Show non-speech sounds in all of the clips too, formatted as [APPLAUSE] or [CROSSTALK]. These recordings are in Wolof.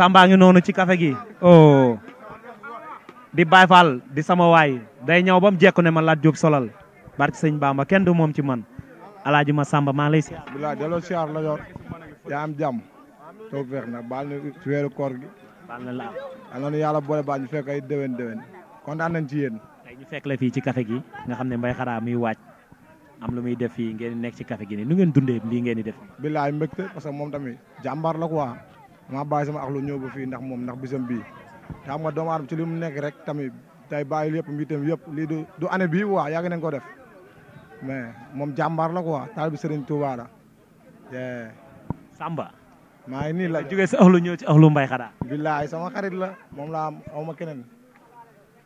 Samba ngi noonu ci kafe gi oh di Baye Fall di sama waay day ñëw ba mu jekku ne ma laaj Diop solal barke sëñ Bamba kenn du moom ci man alaaji ma Samba maa lay siyaar. bilaay delloo siyaar la yor yaa am jàmm toog feex na baal na ci weeru koor gi. baal na la am na yàlla boole baal ñu fekk ay déwén déwén kontaan nañ ci yéen. ñu fekk la fii ci kafe gi nga xam ne mbay xaraa muy waaj am lu muy def fii ngeen nekk ci kafe gi nii nu ngeen dundee lii ngeen di def. bilaay mbégte parce moom tamit jàmbaar la quoi. damaa bàyyi sama axlu ñëw ba fii ndax moom ndax bisam bii te ma nga doomu aadama ci li mu nekk rek tamit day bàyyi yëpp mbiitam yëpp lii du du année bii waa yàgg nañ ko def mais moom jàmbaar la waa taal bi Serigne Touba la. Samba. maa ngi nii la jógee si axlu ñëw ci axlu Mbaye Khada. billaay sama xarit la moom laa am xaw ma keneen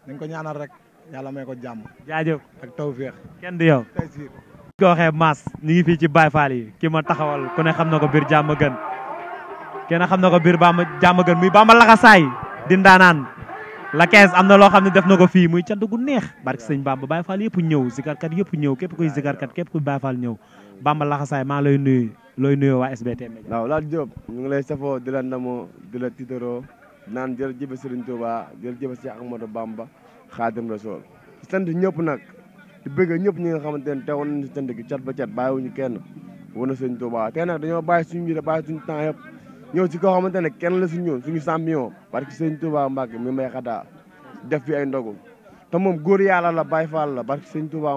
nañ ko ñaanal rek yàlla may ko jàmm. jaajo ak tawféex. kenn du yow. tey ko waxee fii ci Baye Fall yi ki ma taxawal ku ne xam na ko biir jàmm kenn xam na ko biir Bamba jàmm gën muy Bamba laxasaay di ndaanaan la 15 am na loo xam ne def na ko fii muy cant gu neex barke baa Bamba Baye Fall yëpp ñëw zikarkat yëpp ñëw képp kuy zikarkat képp kuy Baye Fall ñëw Bamba laxasaay maa lay nuyu looy nuyoo waa SBT Média waaw laaj Diop ñu ngi lay safoo di la ndamoo di la tiitaroo naan jërëjëf Serigne Touba jërëjëf Cheikh Ahmadou Bamba Khadim Rasoul sant ñëpp nag di bëgg ñëpp ñi nga xamante ne teewoon nañu si sant gi cat ba cat bàyyiwuñu kenn wana Serigne Touba te nag dañoo bàyyi suñu yite bàyyi suñu temps ñëw ci koo xamante ne kenn la suñu ñëw suñu champion parce que sëñ Touba Mbacke mi may xadaa def fi ay ndogu te moom góor yàlla la Baye Fall la parce que sëñ Touba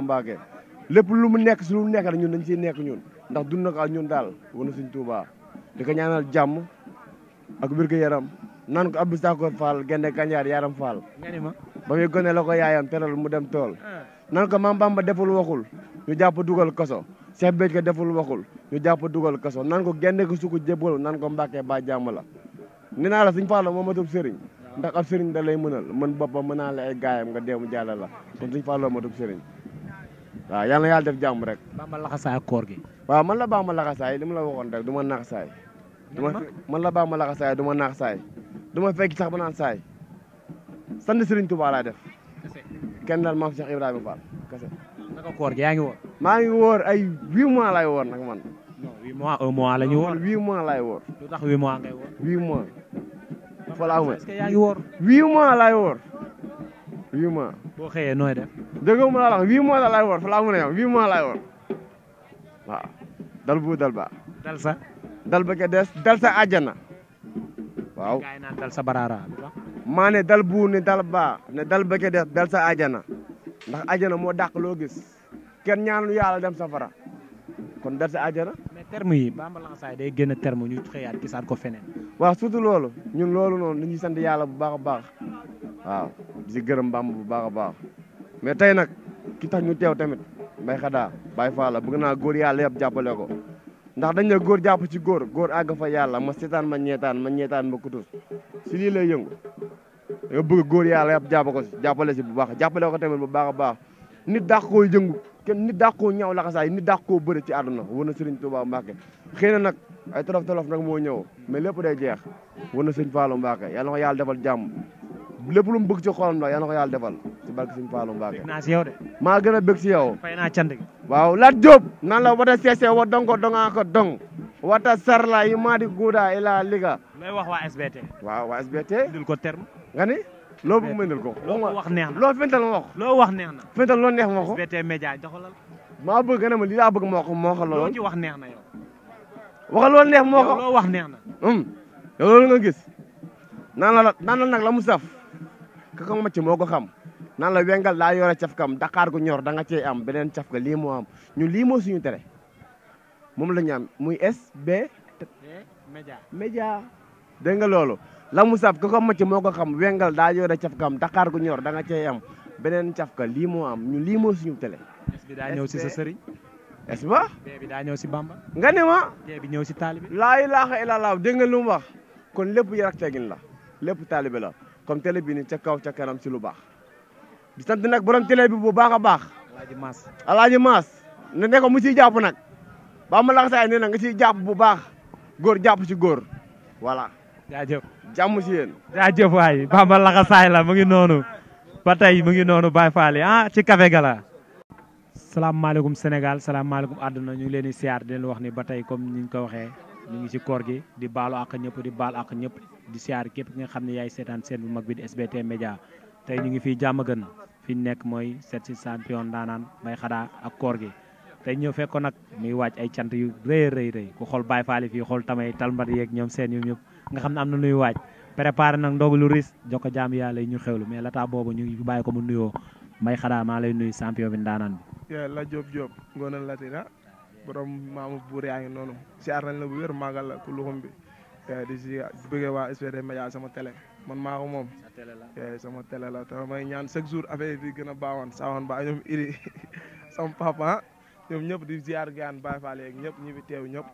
lépp lu mu nekk su lu nekk rek ñun dañ ciy nekk ñun ndax dund na ko ñun daal wana sëñ Touba di ko ñaanal jàmm ak wér gu yaram naan ko Abdou Sakor Fall genne Kandiar Yaram Fall ba gone la ko yaayam teral mu dem tool ah. nan ko Maam Bamba deful waxul ñu jàpp dugal koso Cheikh Béthio deful waxul ñu jàpp dugal kaso nan ko genne ko su ko jébbalu nan ko mbàkkee ba jàmm la nee naa la suñ Fallou moo matub sëriñ ndax ab sëriñ da lay mënal mën boppam mënaa la ay gaayam nga mu jàlla la kon suñ Fallou matub sëriñ waaw yal na yàlla def jàmm rek bamba laxasaay koor gi waaw man la bamba laxasaay li ma la waxoon rek du ma naax saay man la bamba laxasaay du ma naax saay du ma fekk sax ba naan saay sant sëriñ Touba laa def kenn daal maam Cheikh ibrahim Fall kese naka koor gi yaa ngi woor. maa ngi woor ay huit mois lay woor nag man. non huit mois un mois la ñu woor. huit mois lay woor. lu tax huit mois ngay woor. huit mois. voilà est-ce que yaa ngi woor. huit mois lay woor. huit mois. boo xëyee nooy def. dëgg mu la wax huit mois la lay woor fa laa mun a yem huit mois lay woor waaw. dal bu dal ba. dal sa. dal ba ke des dal sa àjjana. waaw gars yi naan dal sa baraara. maa ne dal bu ne dal ba ne dal ba ke des dal sa àjjana. ndax ajana moo dàq loo gis kenn ñaanu yàlla dem safara kon def si ajana. mais terme yi Bamba Lansarr day génn terme ñu xëyaat gisaat ko feneen. waa surtout loolu ñun loolu noonu dañuy sant yàlla bu baax a baax waaw di si gërëm Bamba bu baax a baax mais tey nag kii tax ñu teew tamit Mbaye Khada Baye Fall bëgg naa góor yàlla yab jàppale ko ndax dañ ne góor jàpp ci góor góor àgg fa yàlla ma seetaan ma ñeetaan ma ñeetaan ma kutus si lii lay yëngu. dañoo bëgg góor yàlla yàpp jàpp ko si si bu baax jàppale ko tamit bu baax a baax nit dàq koo jëngu kenn nit dàq koo ñaaw laxasaay nit dàq koo bëri ci àdduna war na Serigne Touba Mbacke xëy na nag ay tolof tolof nag moo ñëw mais lépp day jeex war na Serigne Fallou Mbacke yàlla na ko yàlla defal jàmm lépp lu mu bëgg ci xolam nag yàlla na ko yàlla defal ci barke Serigne Fallou Mbacke naa yow de maa gën a bëgg si yow fay naa cant gi waaw laaj Diop nan la wata seesee wa dong ko dongaa ko dong sarla yi maa di guudaa wax waa SBT waa SBT dul ko terme nga ni loo bëgg ma indil ko. loo wax neex na loo fental ma wax. loo wax neex na. fental loo neex ma ko. SBT Média doxalal. maa bëgg nga ne ma lii laa bëgg ma ko moo xam loolu. loo ci wax neex na yow. waxal loo neex moo ko loo wax neex na. Hmm. yow loolu nga gis naan la naan la nag la mu saf ka ko macc moo ko xam naan la wengal daa yore caf kam Dakar gu ñor da nga cee am beneen caf ka lii moo am ñun lii moo suñu tere moom la ñu am muy SBT. Média. Média dégg nga loolu. la mu saf ku ko macc moo ko xam wengal daa yore cafkaam Dakar gu ñor da nga cey am beneen cafka lii moo am ñun lii moo suñu télé. est bi daa ñëw si sa sëriñ. est ba daa ñëw si Bamba. nga ne ma. bi ñëw si taalibe. laa ilaaha illallaah dégg nga mu wax kon lépp yar ak teggin la lépp taalibe la comme télé bi ni ca kaw ca kanam si lu baax. di sant nag borom télé bi bu baax a baax. alaaji maas alaaji maas ne ne ko mu ciy jàpp nag. ba ma laxasaay ne na nga ciy jàpp bu baax góor jàpp ci góor voilà. jaajëf jàmm si yéen. jaajëf waay Bamba laxa la mu ngi noonu ba tey mu ngi noonu Baye Fall ah ci café gala salaamaaleykum Sénégal salaamaaleykum àdduna ñu ngi leen di siyaar den wax ni ba tey comme ni ñu ko waxee ñu ngi ci koor gi di baalu àq ñëpp di baal ñëpp di siyaar képp ki nga xam ne yaay seetaan seen bu mag bi di SBT Média tey ñu ngi fii jàmm gën fi ñu nekk mooy seet si champion daanaan bay xadaa ak koor gi. tey ñëw fekkoon nag muy waaj ay cant yu rëy rëy rëy ku xool Baye Fall fii xool tamay talmbat yeeg ñoom seen yu ñëpp. nga xam ne am na luy waaj préparé nag ndogu lu ris jox ko jaam yàlla yi ñu xewlu mais lataa boobu ñu bàyyi ko mu nuyoo mbay xadaa maa lay nuyu champion bi ndaanaan bi. la Diop Diop ngoonal latina borom maamu buur yaa ngi noonu si aar nañ la bu wér màggal la ku luxum bi di si bëggee waa SBT Média sama télé man maa ko la sama télé la ñaan chaque jour affaire yi gën a baawoon saawoon ba ñoom iri [LAUGHS] sama papa ñoom ñëpp di ziar gaan Baye Fall yeeg ñëpp ñi fi teew ñëpp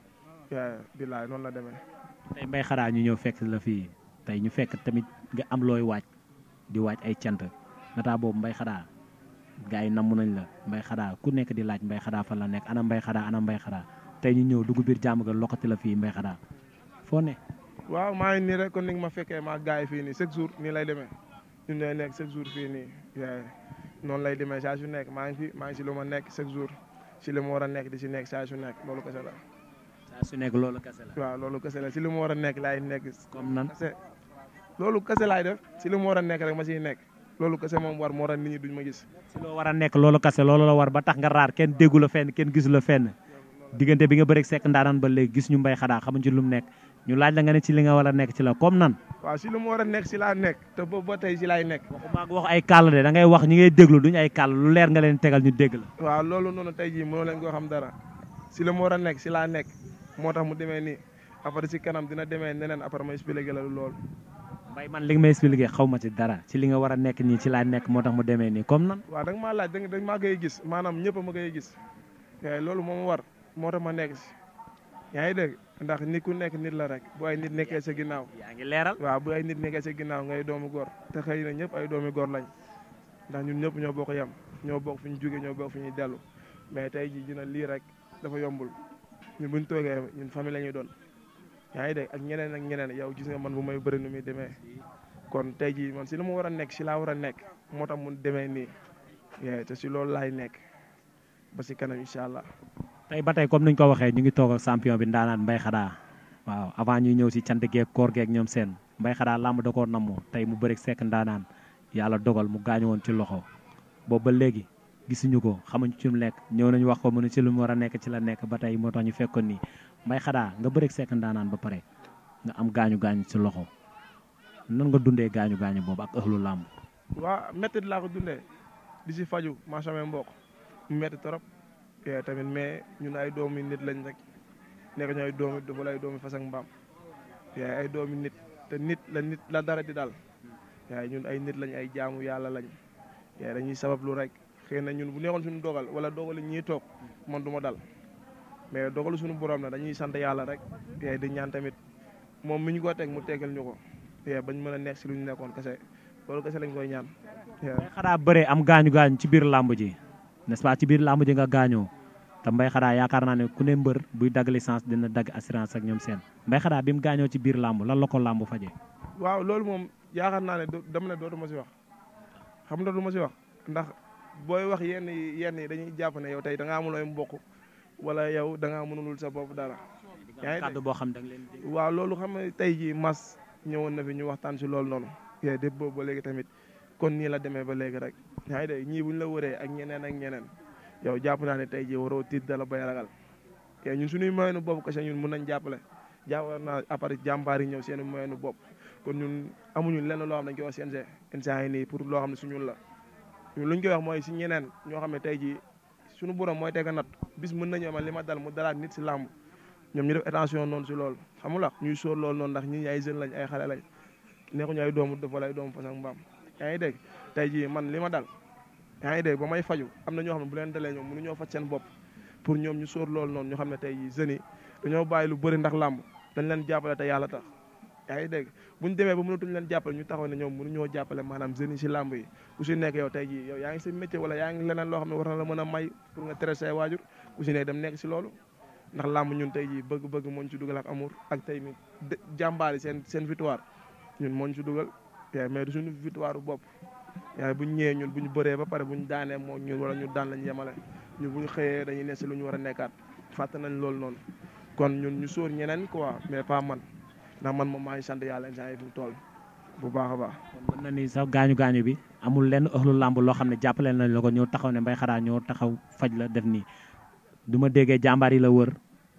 bilaay noonu la demee. tey mbay Xaraa ñu ñëw fekk la fii tey ñu fekk tamit nga am looy waaj di waaj ay cant nata boobu Mbaye Xaraa gars yi namm nañ la Mbaye Xaraa ku nekk di laaj mbay Xaraa fan la nekk ana mbay xadaa ana mbay Xaraa tey ñu ñëw dugg biir jàmm ga loxati la fii Mbaye Xaraa foo ne. waaw maa ngi nii rek kon ni ma fekkee maa gars yi fii nii chaque jour nii lay demee ñun ñooy nekk chaque jour fii nii noonu lay demee saa su nekk maa ngi fi maa ngi si lu ma nekk chaque jour si li war a nekk di si nekk saa su nekk loolu saa su nekk loolu kese la. waaw loolu kese la si li mu war a nekk laay nekk. comme nan loolu kese laay def si li mu war a nekk rek ma siy nekk. loolu kese moom war moo tax nit ñi duñ ma gis. si loo war a nekk loolu kese loolu la war ba tax nga raar kenn déggu la fenn kenn gisu la fenn diggante bi nga bëreeg sekk ndaanaan ba léegi gis ñu mbay xadaa xamuñ ci lu mu nekk ñu laaj la nga ne ci li nga war a nekk ci la comme nan. waaw si lu mu war a nekk si laa nekk te boobu ba tey si laay nekk. waxumaa wax ay kàll de da ngay wax ñi ngay déglu duñ ay kàll lu leer nga leen tegal ñu dégg la. waaw loolu noonu tey jii mënoo leen koo xam dara si lu mu war a nekk si laa nekk. moo tax mu demee ni après si kanam dina demee neneen après ma expliqué la loolu. Mbaye man li nga may expliqué xaw ma ci dara ci li nga war a nekk nii ci laa nekk moo tax mu demee ni comme nan. waa da nga maa laaj da nga maa koy gis maanaam ñëpp ma koy gis waaye loolu moom war moo tax ma nekk si yaa ngi dégg ndax nit ku nekk nit la rek bu ay nit nekkee sa ginnaaw. yaa ngi leeral waaw bu ay nit nekkee sa ginnaaw ngay doomu góor te xëy na ñëpp ay doomu góor lañ ndax ñun ñëpp ñoo bokk yem ñoo bokk fi ñu jógee ñoo bokk fi ñuy dellu mais tey jii dina lii rek dafa yombul ñun buñ toogee ñun famille la ñuy doon yaa ngi dégg ak ñeneen ak ñeneen yow gis nga man bu may bëri nu muy demee kon tey jii man si la ma war a nekk si laa war a nekk moo tax mu demee nii te si loolu laay nekk ba si kanam incha allah. tey ba tey comme ni ñu ko waxee ñu ngi toog ak champion bi ndaanaan Mbaye Khada waaw avant ñuy ñëw si cant geeg koor geeg ñoom seen Mbaye Khada làmb da koo namm tey mu bëri sekk ndaanaan yàlla dogal mu gaañu woon ci loxo boobu ba léegi gisuñu ko xamuñ ci lu lekk ñëw nañu wax ko mu ne ci lu mu war a nekk ci la nekk ba tey moo tax ñu fekkoon nii may xadaa nga bëreeg Seck Ndaanaan ba pare nga am gaañu gaañu ci loxo nan nga dundee gaañu gaañu boobu ak ëxlu làmb. waa métti laa ko dundee di si faju maa sama mbokk mu métti trop eh, tamit mais ñun ay doomi nit lañ rek nekk ñu ay doomi dafa lay doomi fas mbaam yaay eh, ay doomi nit te nit la nit la dara di daal yaay eh, ñun ay nit lañ ay jaamu yàlla lañ dañuy sabablu rek. xëy na ñun bu neexoon suñu dogal wala dogal ñii toog man du ma dal mais dogalu suñu borom na dañuy sant yàlla rek te di ñaan tamit moom mu ñu ko teg mu tegal ñu ko te bañ mën a nekk si lu ñu nekkoon kese loolu kase lañ koy ñaan. mbay xadaa bëree am gaañu gaañu ci biir làmb ji n'est-ce pas ci biir làmb ji nga gaañoo te mbay xadaa yaakaar naa ne ku ne mbër buy dagg licence dina dagg assurance ak ñoom seen mbay xadaa bi mu gaañoo ci biir làmb lan la ko làmb fajee. waaw loolu moom naa ne dama ne dootuma si wax xam nga dootuma si wax ndax booy wax yenn yi yenn yi dañuy jàpp ne yow tey da ngaa amul ay mbokk wala yow da ngaa mënulul sa bopp dara. yaa ngi boo xam da nga leen waaw loolu xam ne tey jii mas ñëwoon na fi ñu wax waxtaan si loolu noonu. yaa dëpp ba léegi tamit kon nii la demee ba léegi rek. yaa ngi dégg ñii bu ñu la waree ak ñeneen ak ñeneen yow jàpp naa ne tey jii waroo tiit dala bay ragal yaa ñun suñuy moyenu bopp kese ñun mun nañ jàppale jàppal naa appareil jàmbaar yi ñëw seen moyenu bopp kon ñun amuñu lenn loo xam dañ koy wax CNG nii pour loo xam ne si ñun la lu ñu koy wax mooy si ñeneen ñoo xam ne tey jii suñu borom mooy teg a natt bis mën nañu ma li ma dal mu daraat nit si làmb ñoom ñu def attention noonu si lool xam nga ñuy sóor loolu noonu ndax ñi ay jeunes lañ ay xale lañ nekkuñu ay doomu def ay doomu fas mbaam yaa ngi dégg jii man li ma dal yaa ngi may faju am na ñoo xam ne bu leen dalee ñoom mënu ñoo faj seen bopp pour ñoom ñu sóor loolu noonu ñu xam ne tey jii jeunes yi dañoo bàyyi lu bëri ndax làmb dañ leen jàppale te yàlla tax yaa ngi dégg ñu demee ba mënatuñ leen jàppale ñu taxaw ne ñoom mënuñoo jàppale maanaam jeunes yi si làmb yi nekk yow tey jii yow yaa ngi si métier wala yaa ngi leneen loo xam ne war na la mën a may pour nga tere say waajur nekk dem loolu ndax làmb ñun tey jii bëgg-bëgg mooñ si dugal ak amour ak tey mi jàmbaari seen seen victoire ñun mooñ si dugal mais du suñu victoire bopp yaay buñ ñëwee ñun buñ bëree ba pare buñ daanee moo ñun wala ñu daan lañ yemale ñun buñ xëyee dañuy ne si lu ñu war a nekkaat fàtte nañ loolu noonu kon ñun ñu sóor ñeneen quoi mais pas man ndax man ma maa sant yàlla instant yii fi bu baax a baax. kon na ni sax gaañu gaañu bi amul lenn ëxlu làmb loo xam ne jàppale nañ la ko ñëw taxaw ne Mbaye Xaraa taxaw faj la def nii du ma déggee jàmbaar yi la wër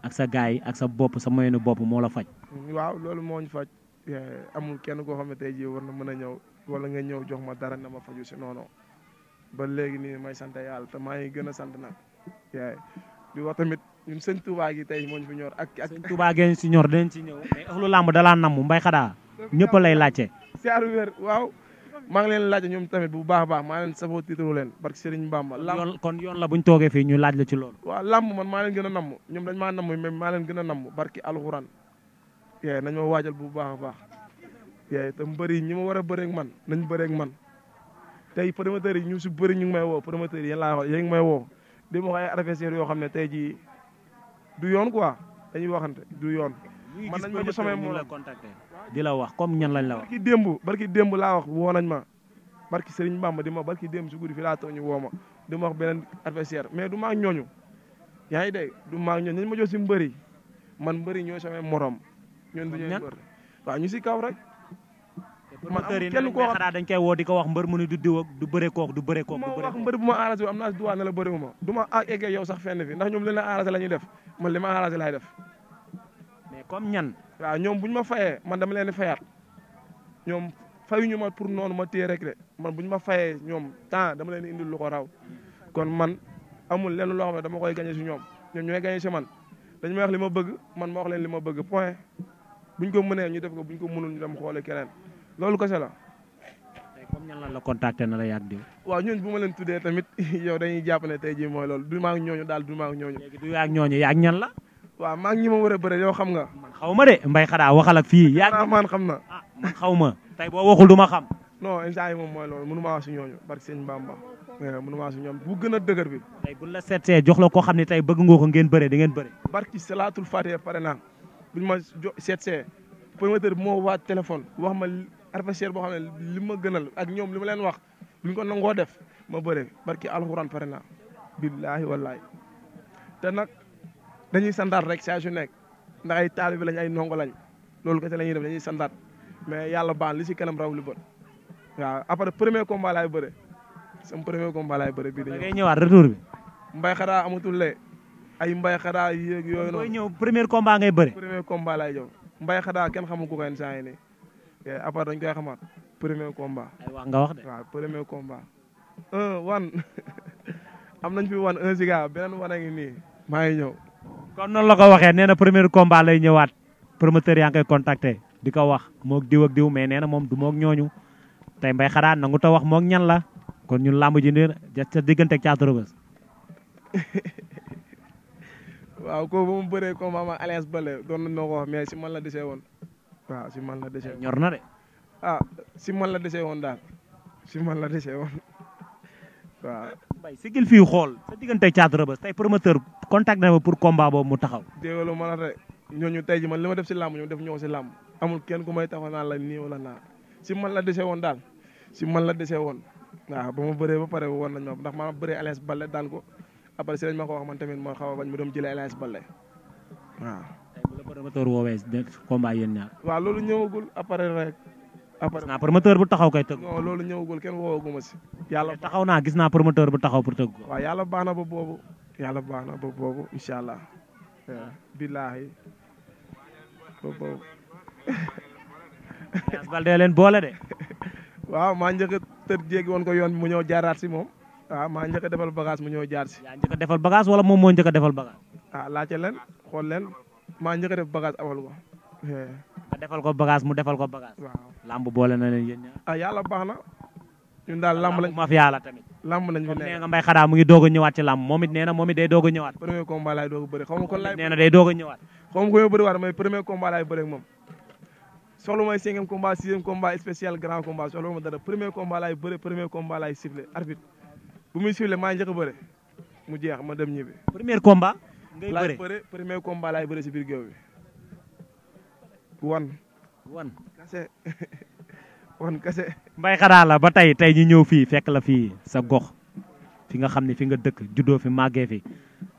ak sa gaay yi ak sa bopp sa moyenu bopp moo la faj. waaw loolu moo ñu faj eh, amul kenn koo xam ne jii war na mën a ñëw wala nga ñëw jox ma dara na ma faju si noonu ba léegi nii may sant yàlla te maa gën a sant nag. Eh, di wax tamit ñun sëñ Touba gi tey mooñ ñu fi ñor ak ak. sëñ Touba gën si ñor dinañ si ñëw. mais ëxlu làmb dalaa namm mbay xadaa ñëpp lay laajte. saaru wér waaw maa ngi leen laajte ñoom tamit bu baax a baax maa leen safoo tiitaru leen barke Serigne Bamba. yoon kon yoon la bu ñu toogee fii ñu laaj la ci lool waaw làmb man maa leen gën a namm ñoom dañ maa namm mais maa leen gën a namm barke alxuraan yee nañ ma waajal bu baax a baax yee te mbëri ñi ma war a bëreeg man nañ bëreeg man tey promoteurs yi ñu ñu ngi may woo promoteurs yi yéen laa may woo di ma wax ay adversaires yoo xam ne tey jii du yoon quoi dañuy waxante du yoon. man nañ ma samay moom la contacté di la wax comme ñan lañ la wax. barki démb barki démb laa wax woo nañ ma barki Serigne Bamba di ma barki démb si guddi fi laa ñu woo ma di ma wax beneen adversaire mais du maag ñooñu yaa ngi dégg du maag ñooñu nañ ma jox si mbëri man mbëri ñoo samay morom. ñoon du ñuy waa ñu si kaw rek. promoteur yi kenn koo xanaa dañ koy woo di ko wax mbër mu ne du diw ak du bëre kook du bëre kook du bëre wax mbër bu ma am naa si droit ne la bëriwuma du ma eggee yow sax fenn fi nax ñoom leen arrangé la def man li ma arrangé laay def mais comme ñan waaw ñoom bu ñu ma fayee man dama leen di fayaat ñoom fayuñu ma pour noonu ma téye rek de man bu ñu ma faye ñoom temps dama leen indil lu ko raw kon man amul lenn loo xam ne dama koy gagné si ñoom ñoom ñooy gagné si man dañ may li ma bëgg man ma wax leen li ma bëgg point buñ ko mënee ñu def ko buñ ko mënul ñu dem xoole keneen loolu ko la. tey comme ñan lan la contacter na la yàgg diw. waaw ñooñu bu ma leen tuddee tamit [LAUGHS] yow dañuy jàpp ne tey jii mooy lool du maa ñooñu daal du maa ngi ñooñu. léegi du yaa ngi ñan la. waa maa ñi ma waree a bëre yow xam nga. man xaw ma de mbay xadaa waxal ak fii. yaa man xam na ah xaw ma. tey boo waxul du ma xam. non instant yi moom mooy loolu mënu maa wax si ñooñu barki seen Bamba eh, mënu maa wax si ñoom bu gën a dëgër bi. tey bu la seetee jox la koo xam ne tey bëgg nga ko ngeen bëre di ngeen bëre. barki salaatul fatiha pare naa buñ ma jo seetsee promoteur bi moo waat téléphone wax ma adversaire boo xam ne li ma gënal ak ñoom li leen wax buñ ko nangoo def ma bëre barki alxuraan pare naa billaahi wallaahi te nag dañuy santaat rek saa su nekk ndax ay taalibe lañ ay ndongo lañ loolu kese la ñuy def dañuy santaat mais yàlla baan li si kanam raw li bët waaw après premier combat laay bëre sam premier combat laay bëre bii. da ngay ñëwaat retour bi. mbay xaraa amatul le ay mbay xaraa yéeg yooyu noonu. booy ñëw premier combat ngay bëre. premier combat laay mbay xaraa kenn xamul ku koy après dañ koy xamaat premier combat. ay wax nga wax de. waaw premier combat. un wan [LAUGHS] am nañ fi wan un giga maa ngi ñëw. kon noonu la ko waxee nee na premier combat lay ñëwaat promoteur yaa ngi koy di ko wax moog diw a diw mais nee na moom du moog ñooñu te mbay xalaat nangu ta wax moog ñan la kon ñun làmb ji nii ca digganteeg Thiatou Rebeuss. [LAUGHS] waaw kooku bu mu bëree combat ma Alliance Baldé doon nañu ma wax mais si man la desee woon. waaw si man la desee ñor na de. ah man la dese woon daal si man la dese woon [LAUGHS] waaw. Mbaye si fii xool sa diggante Thiatou Rebeus tey promoteur contact na ma pour combat boobu mu taxaw. déggoo ma ñooñu tey ji man li ma def si làmb ñoom def ñoo si làmb amul kenn ku may taxaw naa la nii wala naa si man la desee woon daal si man la desee woon waaw ba ma bëree ba pare woon nañ ma ndax ma bëree Alain Balde daan ko après si lañ ma ko wax man tamit ma xaw a bañ mu dem jëlee Alain Balde waaw. promoteur woowee combat yéen ñaar. waaw loolu ñëwagul après rek. gis naa promoteur bu taxaw kay tëgg. non loolu ñëwagul kenn woowaguma si. yàlla taxaw naa gis naa promoteur bu taxaw pour tëgg. waaw yàlla baax na ba boobu. yàlla baax bu ba boobu incha allah. billaahi ba boobu. [LAUGHS] Diaz leen boole de. [LAUGHS] waaw maa njëkk a tër jéegi woon ko yoon mu ñëw jaaraat si moom. waaw maa njëkk a defal bagage mu ñëw jaar si. yaa njëkk defal bagage wala moom moo njëkk defal bagage. ah laajte leen maa njëkk a def bagage amal ko. defal ko bagage mu defal ko bagage. waaw lamb boole na leen yéen a ah yàlla baax na. ñun daal lamb lañ ma fi yàlla tamit. lamb lañ fi nekk nee xadaa mu ngi doog a ñëwaat ci lamb moom it nee na moom it day doog a premier combat laay doog a bëri xaw ma kon laay. nee na day doog a ñëwaat. xaw ma ko yow bëri waat mais premier combat laay bëri ak moom. soxla mooy cinquième combat sixième combat spécial grand combat soxla ma dara premier combat laay bëri premier combat laay sifflé arbitre bu muy sifflé maa njëkk a bëri mu jeex ma dem ñibbi. premier combat. ngay bëre premier combat laay wan. wan wan kase. mbay xadaa ba tey tey ñu ñëw fii fekk la fii sa gox fi nga xam ne fi nga dëkk juddoo fi màggee fi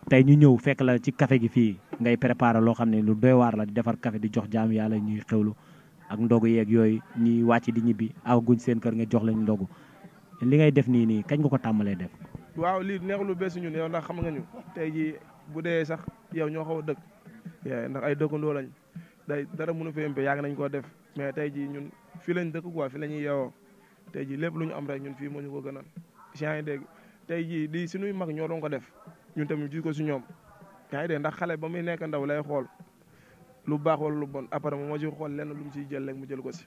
tey ñu ñëw fekk la ci kafe gi fii ngay préparer loo xam ne lu doy waar la di defar kafe di jox jaam yàlla ñuy xewlu ak ndogu yeeg yooyu ñuy wàcc di ñibbi aw guñ seen kër nga jox lañ ndogu li ngay def nii nii kañ nga ko tàmbalee def. waaw lii neex lu bees ñun yow xam nga ñu tey jii bu dee sax yow ñoo xaw a dëkk ndax ay dëkkandoo lañ day dara mënu fi ëmpe yàgg nañ koo def mais tey jii ñun fii lañ dëkk quoi fii la ñuy yeewoo tey jii lépp lu ñu am rek ñun fii moo ñu ko gënal yaa ngi dégg tey jii di suñuy mag ñoo doon ko def ñun tamit ji ko si ñoom yaa ndax xale ba muy nekk ndaw lay xool lu baax wala lu bon après moo ci xool lenn lu mu ciy jël rek mu jël ko si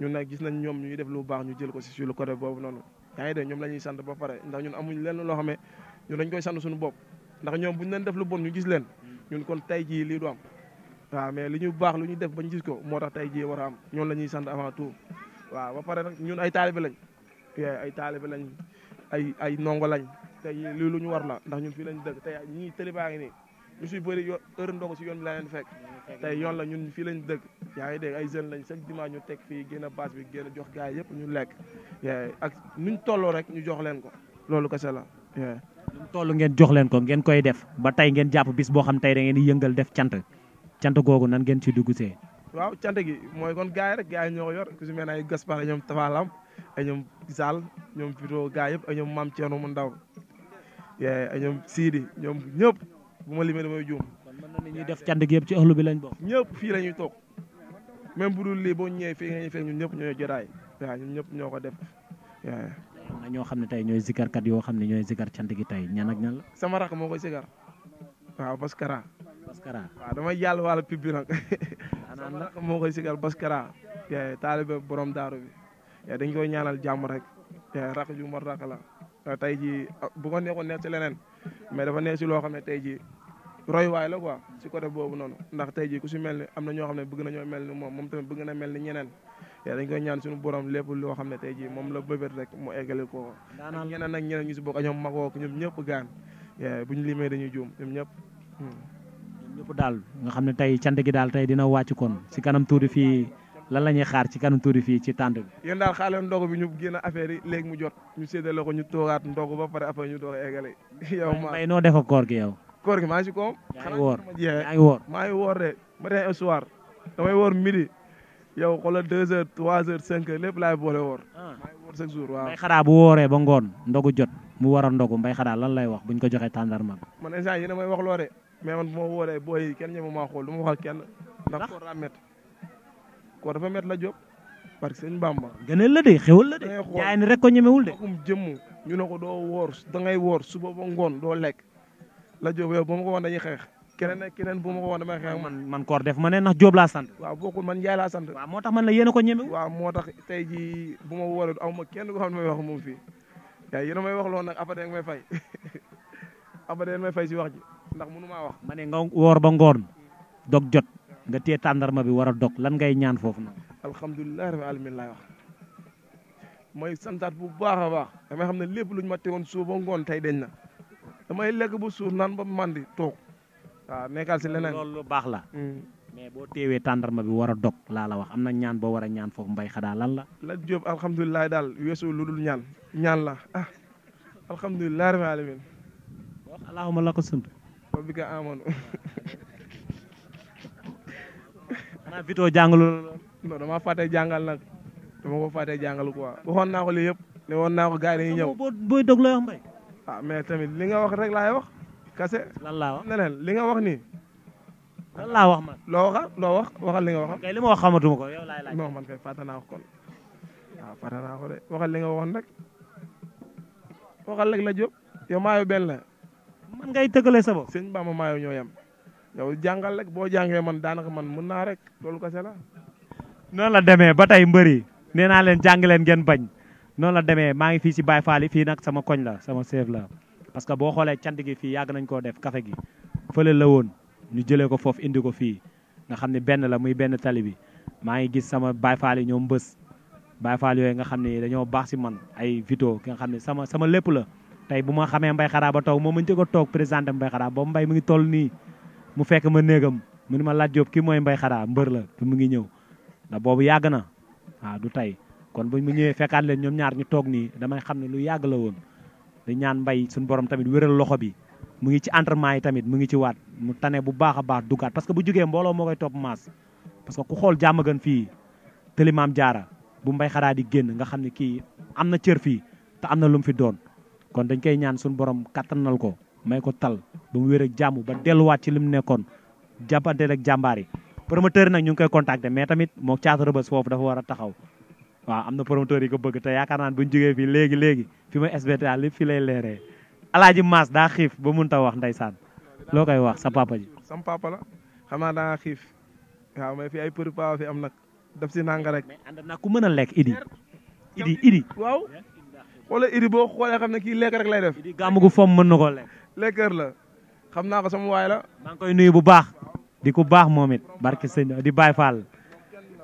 ñun nag gis nañ ñoom ñu def lu baax ñu jël ko si sur le côté boobu noonu yaa ngi ñoom la ñuy sant ba pare ndax ñun amuñ lenn loo xam ne ñun dañ koy sant suñu bopp ndax ñoom bu ñu leen def lu bon ñu gis leen ñun kon tey jii lii du am waaw mais li ñu baax lu ñu def ba ñu gis ko moo tax tey jii war a am ñoom la ñuy sant avant tout waaw ba pare nag ñun ay taalibe lañ ay taalibe lañ ay ay ndongo lañ tey lii lu ñu war la ndax ñun fii lañ dëkk tey ñii tëli baa ngi nii ñu si bëri yo heure ndogu si yoon bi laa leen fekk tey yoon la ñun fii lañ dëkk yaa ngi dégg ay jeunes lañ chaque dimanche ñu teg fii génn baas bi génn jox gars yëpp ñu lekk ak nuñ tolloo rek ñu jox leen ko loolu kese la lu ngeen jox leen ko ngeen koy def ba tey ngeen jàpp bis boo xam tey da ngeen di yëngal def cant cant googu nan ngeen ci dugg see. waaw cant gi mooy kon gars yi rek gars yi yor ku si mel ne ay Gaspar ay ñoom Tafa Lam ay ñoom Sall ñoom Vito yëpp ay ñoom mam Thierno mu ndaw ay ñoom Sidi ñoom ñëpp bu ma limee damay juum. kon mën na ni ñuy def cant gi yëpp ci ëxlu bi lañ bokk. ñëpp fii la ñuy toog même bu dul lii boo ñëwee fii nga ñëpp ñoo jotaay ñëpp ñoo ko def ñoo xam ne tey ñooy zikarkat yoo xam ne ñooy zikar cant gi tey ñan ak ñan la. sama rakk moo koy zikar waaw Baskara. Baskara damay yàlla wàllu pub bi nag. sama rakk moo koy zikar Baskara. taalibe borom daaru bi dañ koy ñaanal jàmm rek rakk ju mor rakk la tey ji bu ko neexoon neex ci leneen mais dafa neex ci loo xam ne tey ji roy waay la quoi ci côté boobu noonu ndax tey ji ku ci mel ni am na ñoo xam ne bëgg nañoo mel ni moom moom tamit bëgg na mel ni ñeneen te dañ koy ñaan suñu borom lépp loo xam ne tey jii moom la bëbët rek mu eggalil ko ak ñeneen ak ñeneen ñu si bokk ak ñoom magook ñoom ñëpp gaan bu ñu limee dañuy juum ñoom ñëpp hmm. ñëpp daal nga xam ne tey cant gi daal tey dina wàcc koon si kanam tuuti fii lan la xaar ci kanam tuuti fii ci tànt bi yéen daal xaar leen bi ñu génn affaire yi léegi mu jot ñu séddale ko ñu toogaat ndogu ba pare après ñu doog a eggale [LAUGHS] noo defa koor gi yow koor gi maa ngi si koom yaa ngi woor maa ngi woor de matin et soir damay woor midi yow xoolal deux heures trois heures cinq heures lépp laay boole woor. Ah. maay woor chaque jour waaw. mbay xadaa bu wooree ba ngoon ndogu jot mu wara a ndogu mbay xadaa lan lay wax buñ ko joxee tàndarma bi. man instant yéen a may wax loore mais man bu ma wooree booy yi kenn ñeme maa xool du ma wax kenn. ndax koor daa métti koor dafa métti la jóg. parce que sëñ Bamba. gënal la de xewal la de. yaay rek ko ñemewul de. akum jëmm ñu ne ko doo woor da ngay woor suba ba ngoon doo lekk la jóg yow ba ma ko woon dañuy xeex. keneen ak keneen bu ma ko woon damay xeex man man koor def ma ne ndax Jóob laa sant waaw bokkul man Njaay laa sant waaw moo tax man la yéena ko ñeme waaw moo tax tey ji bu ma wóorul aw ma kenn ko xam ne may wax moom fii yaay yéena may wax loolu nag après may fay [LAUGHS] après may ndax mënu maa wax ma ne nga woor ba ngoon dog jot nga téye tàndarma bi war a dog lan ngay ñaan foofu nag alhamdulilah rabbil wax mooy santaat bu baax a baax damay xam ne lépp luñ ma tegoon suuf ba ngoon tey deñ na damay lekk bu suuf naan ba mandi toog waaw nekkal si leneen loolu lu baax la. Hmm. mais boo teewee tàndarma bi war a dog laa la wax am na ñaan boo war ñaan foofu mbay xadaa lan la. la Diop alhamdulilah daal weesu lu dul ñaan ñaan la ah alhamdulilah rabbil alamin. wax allahumma la ko amanu. [LAUGHS] xanaa Vito jàngalul la. non damaa fàtte nag dama ko fàtte jàngal quoi. waxoon naa ko lii ne woon naa ko gars yi dañuy booy dog lay wax mbay. ah mais tamit li wax rek laay wax. kase lan laa wax leneen li nga wax nii. laa wax man. loo loo wax waxal li nga wax. kay li ma wax xamatuma ko yow laay laaj. non man kay fàtte naa ko kon waaw ah, fàtte naa ko de waxal li nga waxoon rek rek la jóg yow maayo benn la. man ngay tëggale sa bopp. sëñ Bamba maayo ñoo yow jàngal rek boo jàngee man daanaka man mën naa rek loolu kase la. noonu la demee ba tey mbëri nee naa leen jàng leen ngeen bañ noonu la demee maa ngi fii si Baye Fall fii nag sama koñ la sama chef la. parce que boo xoolee cant gi fi yàgg nañ koo def kafe gi fële la woon ñu jëlee ko foofu indi ko fii nga xam ne benn la muy benn tali bi maa ngi gis sama baay faal yi ñoom bés baay faal yooyu nga xam ne dañoo baax si man ay vito ki nga xam ne sama sama lépp la tey bu ma xamee mbay xaraa ba toog moom ma njëkk a toog présenté mbay xaraa boobu mbay mi ngi toll nii mu fekk ma néegam mu nu ma laaj Jóob kii mooy mbay xaraa mbër la mu ngi ñëw ndax boobu yàgg na waaw du tey kon bu mu ñëwee fekkaat ñoom ñaar toog nii damay xam ne lu yàgg la woon di ñaan mbay suñ borom tamit wéral loxo bi mu ngi ci entraînement yi tamit mu ngi ci waat mu tane bu baax a baax duggaat parce que bu jógee mbooloo moo koy topp maas parce que ku xool jàmm gën fii tëlimaam jaara bu mbay xaraa di génn nga xam ne kii am na cër fii te am na lu mu fi doon kon dañ koy ñaan suñu borom kattanal ko may ko tal ba mu wér ak jàmm ba delluwaat ci li mu nekkoon jàppante ak jàmbaar yi promoteur nag ñu ngi koy contacter mais tamit moo caata rëbës foofu dafa war a taxaw waaw am na promoteur yi ko bëgg te yaakaar naa bu ñu jógee fii léegi léegi fi ma SBTA lépp fi lay leeree alaaji Maas daa xiif ba mun ta wax ndeysaan loo koy wax sa papa ji. sam papa la xam naa daa xiif waaw mais fi ay prépa fi am nag daf si nanga rek. mais na ku mën a lekk idi idi idi boo xoolee xam ne kii lekk rek lay def. idi gàmm gu fomm mën na koo lekk. lekkër la xam naa ko sam waay la. maa ngi koy nuyu bu baax. di ku baax moom it barke sëñ di Baye Fall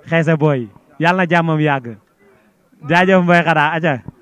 xeese booy yàlla na jàmmam yàgg. jaajëf Mbaye xanaa aca